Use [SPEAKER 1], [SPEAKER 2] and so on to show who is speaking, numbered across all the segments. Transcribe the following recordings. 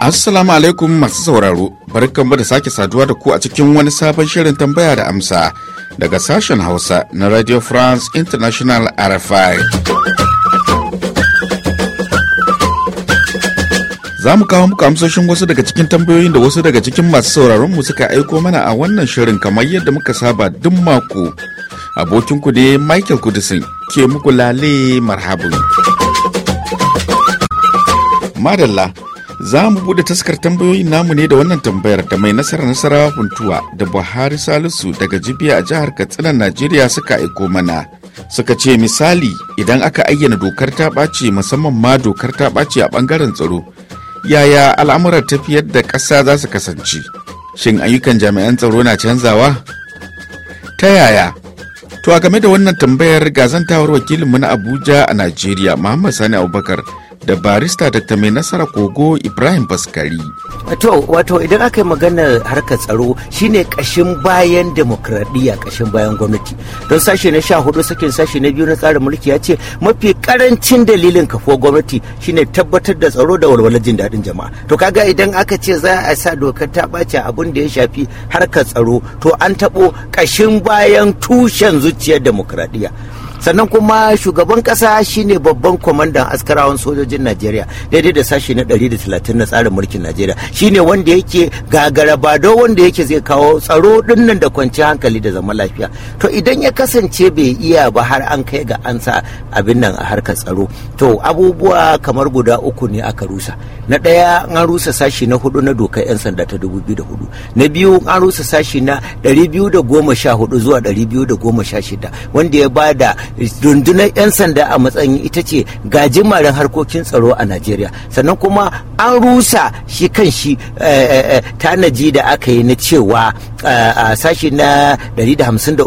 [SPEAKER 1] Assalamu alaikum masu sauraro, barkanmu da sake saduwa da ku a cikin wani sabon shirin tambaya da amsa daga sashen Hausa na Radio France International RFI. za mu kawo muku amsoshin wasu daga cikin tambayoyin da wasu daga cikin masu sauraron mu suka aiko mana a wannan shirin kamar yadda muka saba duk mako abokin ku ne michael kudisin ke muku lale marhabin madalla za mu bude taskar tambayoyin namu ne da wannan tambayar da mai nasara nasarawa funtuwa da buhari salisu daga jibiya a jihar katsina najeriya suka aiko mana suka ce misali idan aka ayyana dokar ta ɓace musamman ma dokar ta ɓace a ɓangaren tsaro yaya al'amuran tafiyar da ƙasa za su kasance shin ayyukan jami'an tsaro na canzawa ta yaya to a game da wannan tambayar gazantawar wakilinmu na abuja a najeriya muhammad sani abubakar da barista Dr. Mai Nasara Kogo Ibrahim Baskari.
[SPEAKER 2] To, wato idan aka yi maganar harkar tsaro shine kashin bayan demokradiyya kashin bayan gwamnati. Don sashe na sha hudu sakin sashe na biyu na tsarin mulki ya ce mafi karancin dalilin kafuwar gwamnati shine tabbatar da tsaro da walwalar jin daɗin jama'a. To kaga idan aka ce za a sa dokar ta ɓace abin da ya shafi harkar tsaro to an taɓo kashin bayan tushen zuciyar demokradiyya. sannan kuma shugaban kasa shine babban kwamandan askarawan sojojin najeriya daidai da sashi na 130 na tsarin mulkin najeriya shine wanda yake gagara ba don wanda yake zai kawo tsaro dinnan da kwanci hankali da zama lafiya to idan ya kasance bai iya ba har an kai ga an sa abin nan a harkar tsaro to abubuwa kamar guda uku ne aka rusa na ɗaya an rusa sashi na hudu na dokar 'yan sanda ta 2004 na biyu an rusa sashi na 214 zuwa 216 wanda ya bada rundunar 'yan sanda a matsayin ita ce gajimaren harkokin tsaro a najeriya sannan kuma an rusa shi kan shi eh, eh, eh, tanaji da aka yi na cewa a sashi na 153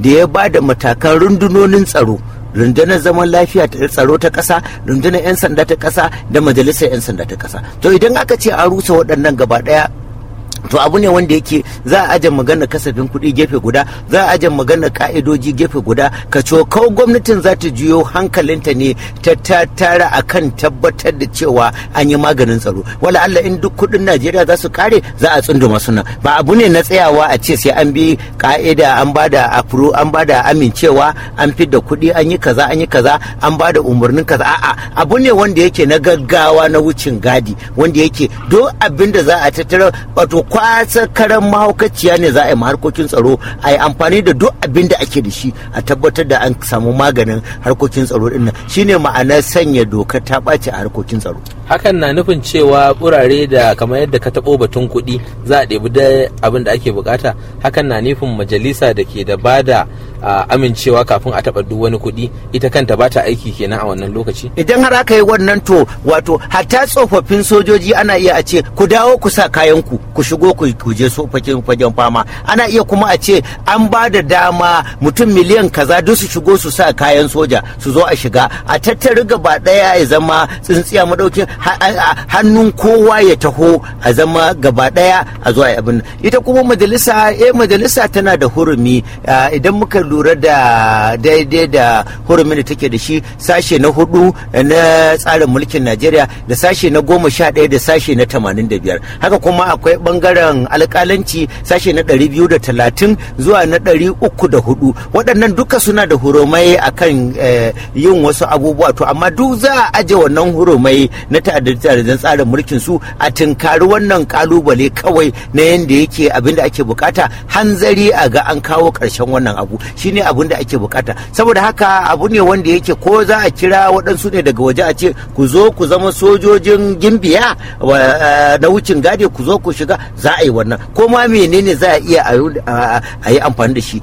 [SPEAKER 2] da ya ba da matakan rundunonin tsaro rundunar zaman lafiya ta tsaro ta ƙasa rundunar 'yan sanda ta ƙasa da majalisar 'yan sanda ta ƙasa to idan aka ce an rusa waɗannan gaba ɗaya to abu ne wanda yake za a ajiye magana kasafin kuɗi gefe guda za a aje magana ka'idoji gefe guda ka kawo gwamnatin za ta juyo hankalinta ne ta a kan tabbatar da cewa an yi maganin tsaro wala Allah in duk kuɗin Najeriya za su kare za a masu nan. ba abu ne na tsayawa a ce sai an bi ka'ida an bada afro an bada amincewa an fidda kuɗi an yi kaza an yi kaza an bada umarnin kaza a'a abu ne wanda yake na gaggawa na wucin gadi wanda yake duk abinda za a tattara wato kwasa karan mahaukaciya ne za a yi harkokin tsaro a yi amfani da duk abin da ake da shi a tabbatar da an samu maganin harkokin tsaro din nan shine ma'ana sanya doka ta ɓace a harkokin tsaro hakan na nufin cewa burare da kamar yadda ka taɓo batun kuɗi za a ɗebi da abin da ake bukata hakan na nufin majalisa da ke da bada amincewa kafin a taɓa duk wani kuɗi ita kanta ba ta aiki kenan a wannan lokaci idan har aka yi wannan to wato hatta tsofaffin sojoji ana iya a ce ku dawo ku sa kayan ku ku shigo ku je fagen fama ana iya kuma a ce an ba da dama mutum miliyan kaza duk su shigo su sa kayan soja su zo a shiga a tattari gaba ɗaya ya zama tsintsiya madaukin hannun kowa ya taho a zama gaba ɗaya a zo a yi abin ita kuma majalisa eh majalisa tana da hurumi idan muka lura da daidai da hurumin da take da shi sashe na hudu na tsarin mulkin najeriya da sashe na goma sha ɗaya da sashe na tamanin da biyar haka kuma akwai bangaren alkalanci sashe na ɗari biyu da talatin zuwa na ɗari uku da hudu waɗannan duka suna da hurumai akan eh, yin wasu abubuwa to amma duk za a aje wannan hurumai na ta'addadin tsarin mulkin su a tinkari wannan kalubale kawai na yadda yake abin da ake bukata hanzari a ga an kawo ƙarshen wannan abu shine abin da ake bukata saboda haka abu ne wanda yake ko za a kira waɗansu ne daga waje a ce ku zo ku zama sojojin gimbiya eh, na wucin gadi ku zo ku shiga za a yi wannan ko ma menene za a iya a yi amfani da shi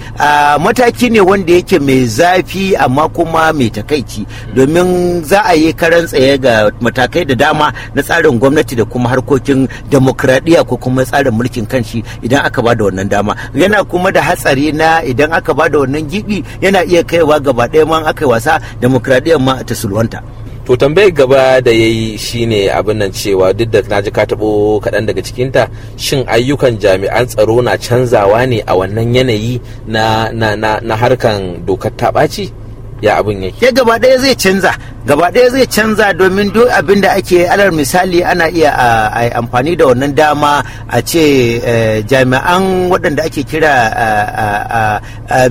[SPEAKER 2] mataki ne wanda yake mai zafi amma kuma mai takaici domin za a yi karan tsaye ga matakai da dama na tsarin gwamnati da kuma harkokin demokradiyya ko kuma tsarin mulkin kanshi idan aka ba da wannan dama yana kuma da hatsari na idan aka ba da wannan gibi yana iya kaiwa gaba ɗaya ma aka yi wasa demokradiyyar ma ta sulwanta to tambayar gaba da ya yi shine abin nan cewa duk da na ji ka taɓo kaɗan daga cikinta shin ayyukan jami'an tsaro na canzawa ne a wannan yanayi na, harkan dokar taɓaci ya abin yake ya gaba ɗaya zai canza gaba ɗaya zai canza domin duk abin da ake alal misali ana iya amfani da wannan dama a ce eh, jami'an waɗanda ake kira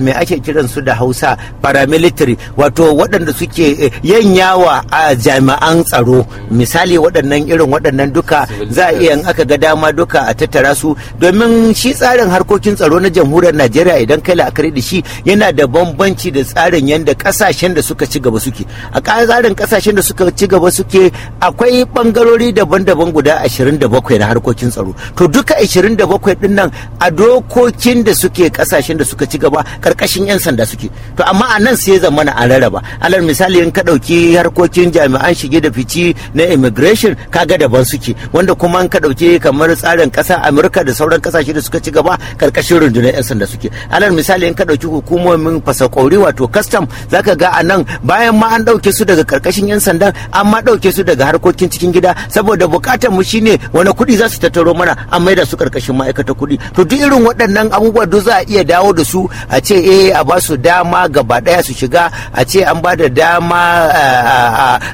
[SPEAKER 2] mai ake kiransu da hausa paramilitary wato waɗanda suke eh, yanyawa a jami'an tsaro misali waɗannan irin waɗannan duka za a iya aka ga dama duka a tattara su domin shi tsarin harkokin tsaro na jamhuriyar najeriya idan kai la'akari da shi yana da bambanci da tsarin yadda ƙasashen da suka ci gaba suke a tsarin irin kasashen da suka ci gaba suke akwai bangarori daban-daban guda 27 na harkokin tsaro to duka 27 din nan a dokokin da suke kasashen da suka ci gaba karkashin 'yan sanda suke to amma a nan sai zama a rarraba alal misali in ka ɗauki harkokin jami'an shige da fici na immigration kaga daban suke wanda kuma in ka ɗauki kamar tsarin ƙasa amurka da sauran kasashe da suka ci gaba karkashin rundunar 'yan sanda suke alal misali in ka ɗauki hukumomin fasakori wato custom zaka ga a nan bayan ma an ɗauke su daga karkashin yan sandan an ma ɗauke su daga harkokin cikin gida saboda bukatar mu shine wani kuɗi za su tattaro mana an maida su karkashin ma'aikata kuɗi to duk irin waɗannan abubuwa duk za a iya dawo da su a ce eh a ba su dama gaba daya su shiga a ce an ba da dama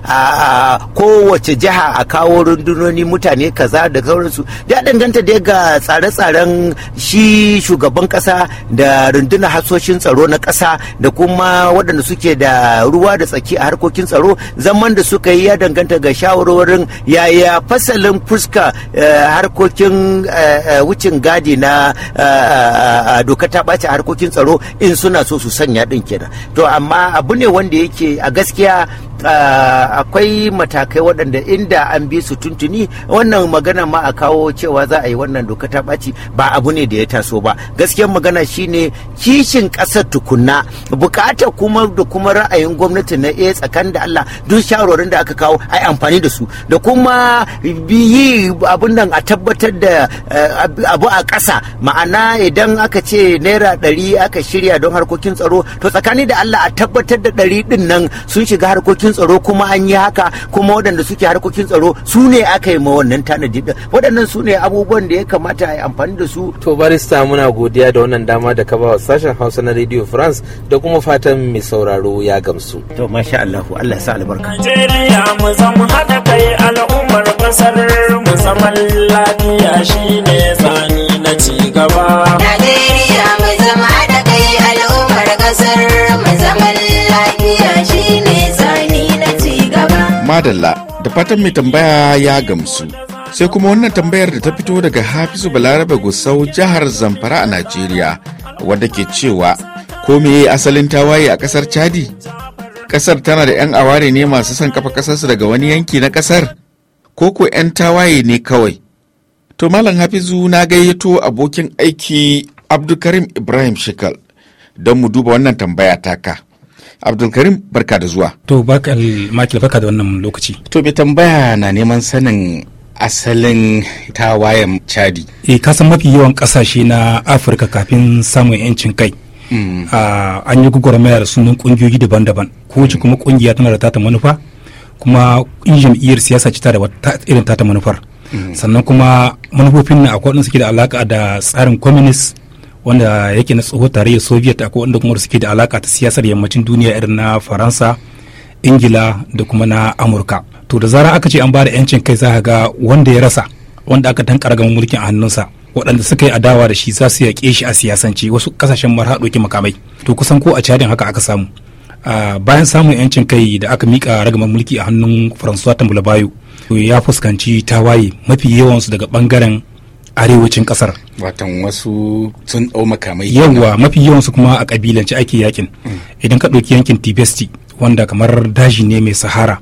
[SPEAKER 2] a kowace jiha a kawo rundunoni mutane kaza da sauransu ya danganta dai ga tsare-tsaren shi shugaban kasa da rundunar hasoshin tsaro na kasa da kuma waɗanda suke da ruwa da tsaki a harkokin tsaro taro zaman da suka yi ya danganta ga shawarwarin yaya fasalin fuska eh, harkokin eh, eh, wucin gadi na doka ta ɓace harkokin tsaro in suna so su sanya ɗin kenan to amma abu ne wanda yake a gaskiya Ah, akwai matakai waɗanda inda an bi su tuntuni wannan magana ma a kawo cewa za a yi wannan doka ta ɓaci ba abu ne da ya taso ba gaskiyar magana shine kishin ƙasar tukunna bukata kuma da kuma ra'ayin gwamnati na eh tsakan da Allah duk shawarwarin da aka kawo ai amfani da su da kuma yi abin nan a tabbatar da eh, abu a ƙasa ma'ana idan aka ce naira ɗari aka shirya don harkokin tsaro to tsakani da Allah a tabbatar da ɗari ɗin nan sun shiga harkokin tsaro kuma an yi haka kuma waɗanda suke harkokin tsaro su ne aka yi ma wannan tanadi waɗannan su ne abubuwan da ya kamata a yi amfani da su. to barista muna godiya da wannan dama da ka wa sashen hausa na radio france da kuma fatan mai sauraro ya gamsu. to masha allahu allah ya sa albarka.
[SPEAKER 1] najeriya
[SPEAKER 3] mu zama haɗa kai al'ummar ƙasar mu zaman lafiya
[SPEAKER 2] ne zani na ci gaba. najeriya haɗa kai al'ummar ƙasar mu lafiya
[SPEAKER 1] madalla da fatan mai tambaya ya gamsu sai kuma wannan tambayar da ta fito daga hafizu balarabe gusau jihar zamfara a najeriya wadda ke cewa ko me asalin tawaye a kasar chadi kasar tana da 'yan aware ne masu son kafa kasarsu daga wani yanki na kasar ko ko 'yan tawaye ne kawai to malam hafizu na gayyato abokin aiki abdulkarim ibrahim shikal don mu duba wannan tambaya taka abdulkarim barka da zuwa
[SPEAKER 4] to makil barka da wannan
[SPEAKER 1] lokaci to bai tambaya na neman sanin asalin tawayen chadi
[SPEAKER 4] eh kasan mafi yawan kasashe na afirka kafin samun yancin kai hmm. ah, an yi gwagwarmaya da sunan kungiyoyi daban-daban ko kuma kungiya tana da tata manufa kuma in jam'iyyar siyasa ce ta da irin tata manufar hmm. sannan kuma manufofin na akwai suke da alaka da tsarin communist wanda yake na tsohon tarayyar soviet akwai wanda kuma suke da alaka ta siyasar yammacin duniya irin na faransa ingila da kuma na amurka to da zarar aka ce an bada yancin kai za ga wanda ya rasa wanda aka tanka karagan mulkin a hannunsa waɗanda suka yi adawa da shi za su yaƙe shi a siyasance wasu kasashen mara ɗauki makamai to kusan ko a cadin haka aka samu bayan samun yancin kai da aka miƙa ragaman mulki a hannun faransuwa tambulabayo ya fuskanci tawaye mafi yawansu daga ɓangaren
[SPEAKER 1] arewacin kasar watan wasu sun dau makamai yawwa mafi
[SPEAKER 4] yawansu kuma a kabilanci ake yakin mm. idan ka ɗauki yankin tibesti wanda kamar daji ne mai sahara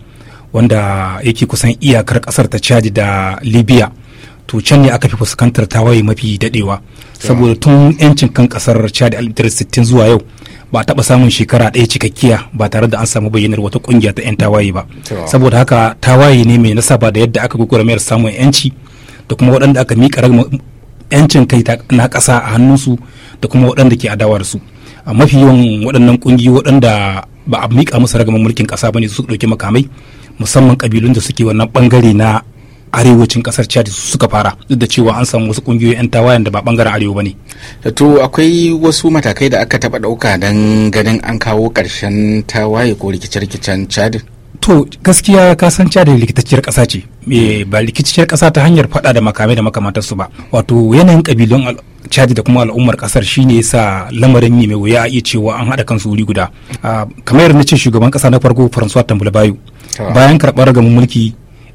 [SPEAKER 4] wanda yake kusan iyakar kasar ta chad da libya to can ne aka fi fuskantar tawaye mafi dadewa saboda tun yancin kan kasar chad al zuwa yau ba a taɓa samun shekara ɗaya cikakkiya ba tare da an samu bayyanar wata ƙungiya ta 'yan tawaye ba saboda haka tawaye ne mai nasaba da yadda aka mayar samun 'yanci da kuma waɗanda aka miƙa ragama yancin kai na ƙasa a hannunsu da kuma waɗanda ke a su a mafi yawan waɗannan ƙungiyoyi waɗanda ba a miƙa musu ragaman mulkin ƙasa ba ne su ɗauki makamai musamman ƙabilun da suke wannan ɓangare na arewacin ƙasar chad suka fara duk da cewa an samu wasu ƙungiyoyi 'yan tawayen da ba ɓangaren arewa ba ne to akwai wasu matakai da aka taɓa ɗauka don ganin an kawo ƙarshen tawaye ko rikice-rikicen chad to gaskiya ka san da likitacciyar ƙasa ce eh, ba likitacciyar kasa ta hanyar faɗa da makamai da su ba wato yanayin kabilun chadi da kuma al'ummar kasar shine yasa lamarin ne mai wuya a iya cewa an haɗa kansu wuri guda ah, kamar yadda ce shugaban ƙasa na farko francois tambula bayo ah. bayan karɓar ragamin mulki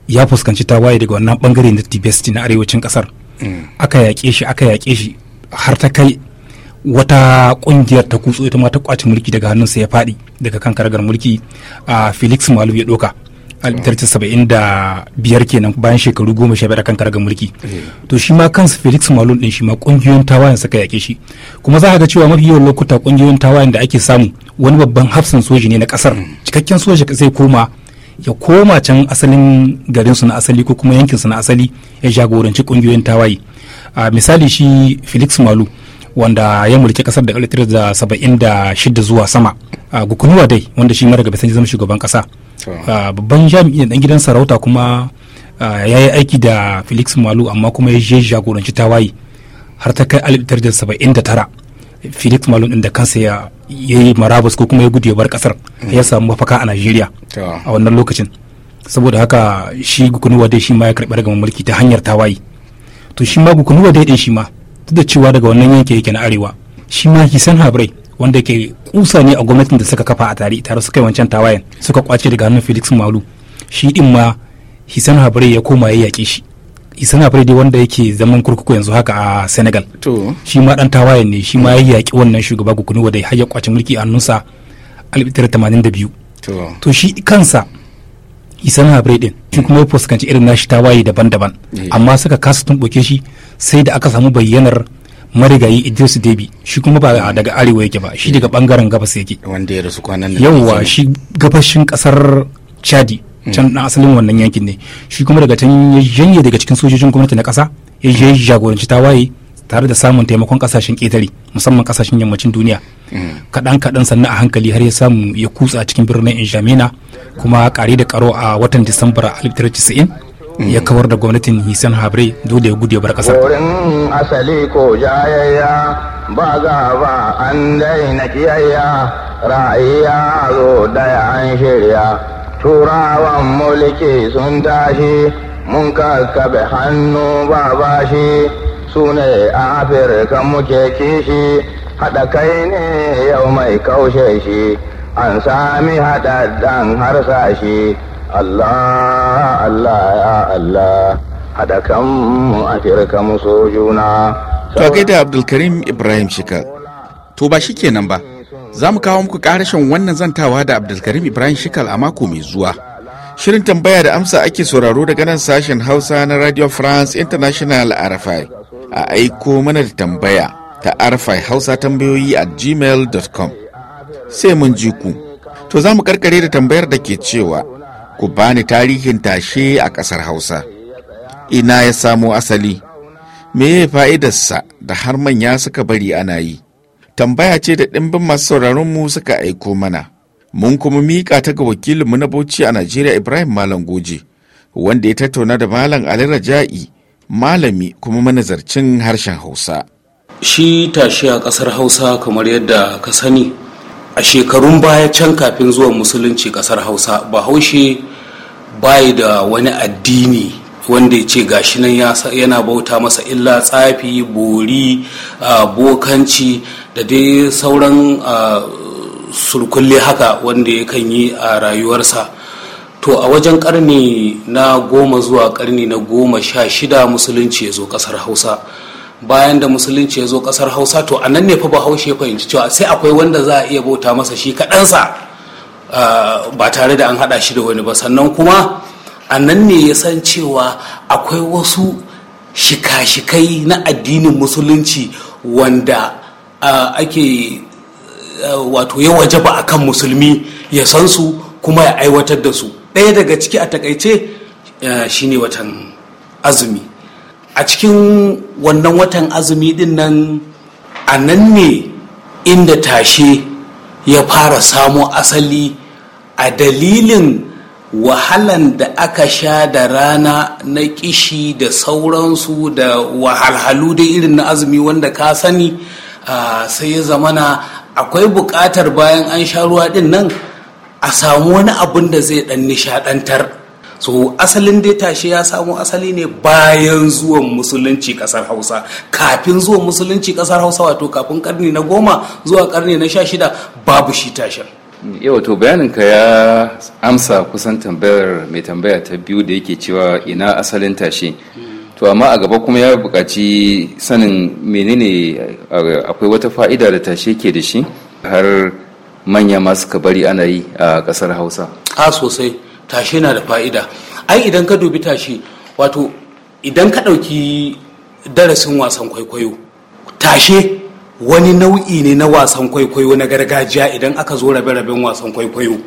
[SPEAKER 4] ya fuskanci tawaye daga wannan bangare na tibesti na arewacin ƙasar mm. aka yaƙe shi aka yaƙe shi har ta kai wata kungiyar ta kutso ita ma ta kwace mulki daga hannun sa ya fadi daga kan karagar mulki a felix malu ya doka a saba'in da biyar kenan bayan shekaru goma sha biyar kan karagar mulki eh. to shi ma kansa felix malu din shi ma kungiyoyin tawayen suka yake shi kuma za ka ga cewa mafi yawan lokuta kungiyoyin tawayen da ake samu wani babban hafsan soji ne na kasar hmm. cikakken soji zai koma ya koma can asalin garin su na asali ko kuma yankin su na asali ya jagoranci kungiyoyin tawaye a misali shi felix malu wanda ya mulki kasar da shida zuwa sama gukunuwa dai wanda shi mara gaba sai zama shugaban kasa babban jami'in dan gidan sarauta kuma ya yi aiki da felix malu amma kuma ya je jagoranci tawaye har ta kai tara felix malu din da kansa ya yi marabus ko kuma ya gudu ya bar kasar mm. ya samu mafaka a najeriya a wannan lokacin saboda haka shi gukunuwa dai shi ma ya karɓi ragaman mulki ta hanyar tawaye to shi ma gukunuwa dai din shi ma da cewa daga wannan yanki yake na arewa shi ma hisan habrai wanda ke kusa ne a gwamnatin da suka kafa a tare tare suka yi wancan tawayen suka kwace daga hannun felix malu shi din ma hisan habrai ya koma ya yaƙe shi hisan habrai dai wanda yake zaman kurkuku yanzu haka a senegal shi ma dan tawayen ne shi ma ya yaƙi wannan shugaba gukuni da har ya kwace mulki a hannunsa a 1982 to shi kansa hisan habre din shi kuma ya fuskanci irin nashi tawaye daban-daban eh. amma suka kasa tumɓuke shi sai da aka samu bayyanar marigayi idris debi shi kuma ba daga arewa yake ba shi daga bangaren gabas yake wanda shi gabashin kasar chadi mm. can dan asalin wannan yankin ne shi kuma daga can ya janye daga cikin sojojin gwamnati na kasa ya je jagoranci tawaye tare da samun taimakon kasashen ƙetare musamman kasashen yammacin duniya mm. kaɗan kaɗan sannan a hankali har ya samu ya kutsa cikin birnin Injamina kuma kare da karo a watan disambar 1990 ya kawar da gwamnatin hisan habre duk da ya gudu bar kasar
[SPEAKER 2] wurin asali ko jayayya ba ga ba an daina kiyayya ra'ayi zo daya an shirya turawan mulki sun tashi mun kakkabe hannu ba bashi su ne afirka muke kishi haɗa kai ne yau mai kaushe shi an sami haɗaɗɗan harsashi Allah Allah ya Allah haɗa kanmu a firka muso
[SPEAKER 1] juna. To gaida Abdulkarim Ibrahim Shika. To ba shi kenan ba, za mu kawo muku ƙarashin wannan zantawa da Abdulkarim Ibrahim Shikal a mako mai zuwa. Shirin tambaya da amsa ake sauraro daga nan sashen Hausa na Radio France International RFI. A aiko mana da tambaya ta RFI Hausa tambayoyi a gmail.com. Sai mun ji ku. To za mu karkare da tambayar da ke cewa ku bani tarihin tashe a ƙasar hausa ina ya samo asali me ya fa'idarsa da har manya suka bari ana yi tambaya ce da ɗimbin masu sauraronmu suka aiko mana mun kuma miƙa ta ga wakilinmu na bauchi a najeriya ibrahim malam goje wanda ya tattauna da malam ali raja'i malami kuma manazarcin harshen hausa
[SPEAKER 3] shi tashe a ƙasar hausa kamar yadda ka sani a shekarun baya can kafin zuwan musulunci kasar hausa bahaushe bai da wani addini wanda ya ce gashi nan yana bauta masa illa tsafi bori bokanci da dai sauran surkulle haka wanda ya kan yi a rayuwarsa to a wajen karni na goma zuwa karni na goma sha shida musulunci ya zo kasar hausa bayan da musulunci ya zo kasar hausa to a nan ne fa bahaushe fahimci cewa sai akwai wanda za a iya bauta masa shi kaɗansa ba tare da an haɗa shi da wani ba sannan kuma a nan ne ya san cewa akwai wasu shika-shikai na addinin musulunci wanda ake wato ya wajaba a kan musulmi ya san su kuma ya aiwatar da su ɗaya daga ciki a takaice shine watan azumi a cikin wannan watan azumi din nan a nan ne inda tashe ya fara samo asali a dalilin wahalan da aka sha da rana na kishi da sauransu da wahalhalu da irin na azumi wanda ka sani sai ya zamana akwai buƙatar bayan an sha ruwa din nan a samu wani abin da zai ɗan nishaɗantar so asalin dai tashe ya samo asali ne bayan zuwan musulunci kasar hausa kafin zuwan musulunci kasar hausa wato kafin karni na goma zuwa karni na sha shida babu shi tashen
[SPEAKER 4] yau to bayaninka ya amsa kusan tambayar mai tambaya ta biyu da yake cewa ina asalin tashe to amma a gaba kuma ya buƙaci sanin menene akwai wata fa'ida da tashe ke da shi har manya masu ka bari ana yi a ƙasar hausa
[SPEAKER 3] a sosai tashe na da fa'ida ai idan ka dubi tashe wato idan ka ɗauki darasin wasan kwaikwayo tashe wani nau'i ne na wasan kwaikwayo na gargajiya idan aka zo rabe-raben wasan kwaikwayo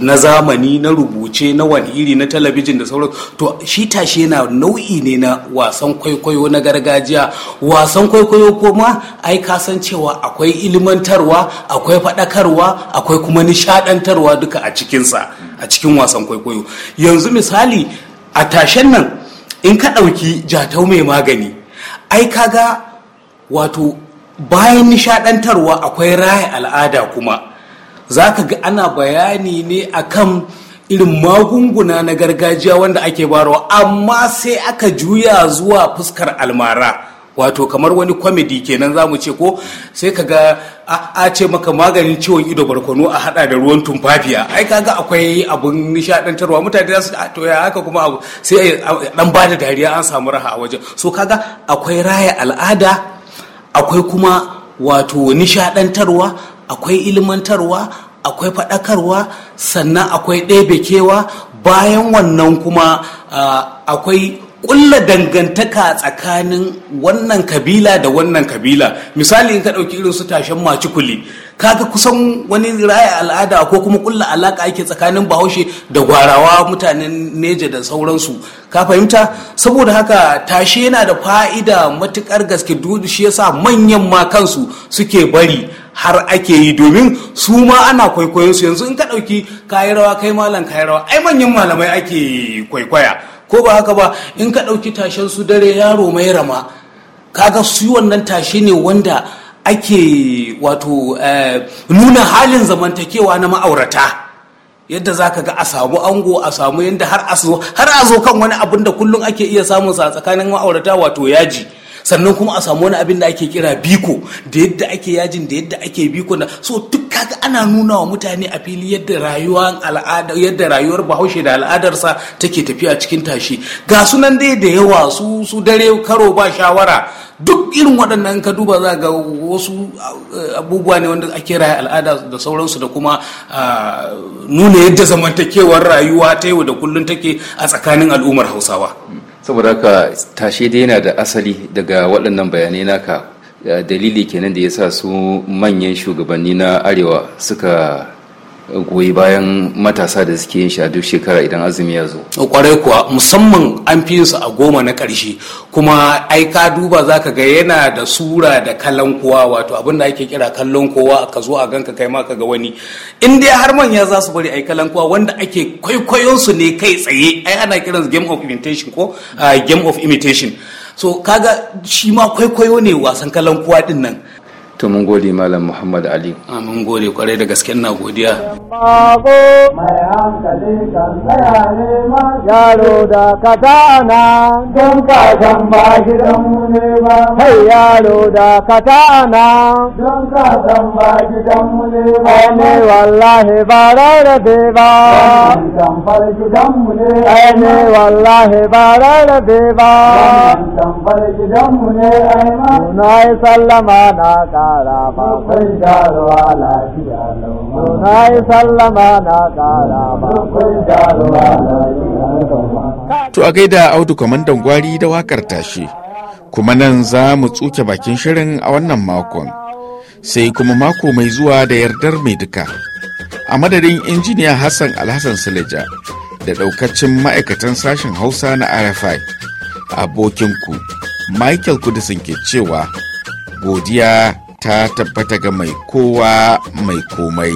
[SPEAKER 3] na zamani na rubuce na wani iri na talabijin da sauran to shi tashe na nau'i ne na wasan kwaikwayo na gargajiya wasan kwaikwayo kuma ai kasan cewa akwai ilimantarwa akwai faɗakarwa akwai kuma nishaɗantarwa duka a cikinsa a cikin wasan kwaikwayo yanzu misali a tashen nan in ka ɗauki jatau mai magani ai ga, wato bayan nishadantarwa akwai raya al'ada kuma za ka ga ana bayani ne a kan irin magunguna na gargajiya wanda ake barawa amma sai aka juya zuwa fuskar almara wato kamar wani kwamidi kenan zamu ce ko sai ka ga a ce maka maganin ciwon ido barkono a hada da ruwan tumfafiya ai kaga akwai abun nishadantarwa mutane za su to ya haka kuma abu sai dan bada dariya an samu raha a wajen so kaga akwai raya al'ada akwai kuma wato nishadantarwa akwai ilmantarwa akwai faɗakarwa sannan akwai ɗebekewa, bayan wannan kuma akwai kulla dangantaka tsakanin wannan kabila da wannan kabila misali in ka ɗauki irin su tashen macikuli kaga kusan wani raya al'ada ko kuma kulla alaka ake tsakanin bahaushe da gwarawa mutanen neja da sauransu ka fahimta saboda haka tashe yana da fa'ida matukar gaske dudu shi yasa manyan ma kansu suke bari har ake yi domin su ma ana kwaikwayon su yanzu in ka ɗauki kayi rawa kai malam kayi rawa ai manyan malamai ake kwaikwaya ko ba haka ba in ka ɗauki tashen su dare yaro mai rama kaga su wannan tashe ne wanda ake wato eh, nuna halin zamantakewa na ma'aurata yadda za ka ga a samu ango a samu yadda har a zo kan wani abin da kullum ake iya samunsa a tsakanin ma'aurata wato yaji sannan kuma a samu wani abin da ake kira biko da yadda ake yajin da yadda ake biko da so duk kaga ana nuna wa mutane a fili yadda rayuwar al'ada yadda rayuwar bahaushe da al'adarsa take tafiya cikin tashi ga sunan dai da yawa su su dare karo ba shawara duk irin waɗannan ka duba za ga wasu eh, abubuwa ne wanda ake raya al'ada da sauransu da kuma ah, nuna yadda zamantakewar rayuwa ta yau da kullum take
[SPEAKER 4] a tsakanin al'ummar hausawa. saboda haka tashe dai yana da asali daga waɗannan bayanai naka dalili kenan da ya sa su manyan shugabanni na arewa suka goyi bayan matasa da suke yin shi a duk shekara idan azumi ya zo.
[SPEAKER 3] Oh, kwarai kuwa musamman an fi su a goma na ƙarshe kuma ai ka duba za ka ga yana da sura da kallon kowa wato abin da ake kira kallon kowa ka zo a gan ka kai ma ka ga wani in dai har manya za su bari ai kallon kowa wanda ake kwaikwayon su ne kai tsaye ai ana kiran game of imitation ko ah, game of imitation so kaga shi ma kwaikwayo ne wasan kallon kowa din nan
[SPEAKER 4] to mun gode malam muhammad ali
[SPEAKER 3] mun gode kwarai da gaske na godiya
[SPEAKER 2] yaro da katana don yaro da katana don sallama na ka ƙara ba kun jaruwa lafiya lau na yi sallama na ƙara ba kun jaruwa lafiya
[SPEAKER 1] lau to a gaida audu kwamandan gwari da wakar tashi kuma nan za mu tsuke bakin shirin a wannan makon sai kuma mako mai zuwa da yardar mai duka a madadin injiniya hassan alhassan sileja da daukacin ma'aikatan sashen hausa na rfi abokinku michael kudisin ke cewa godiya ta tabbata ga mai kowa mai komai.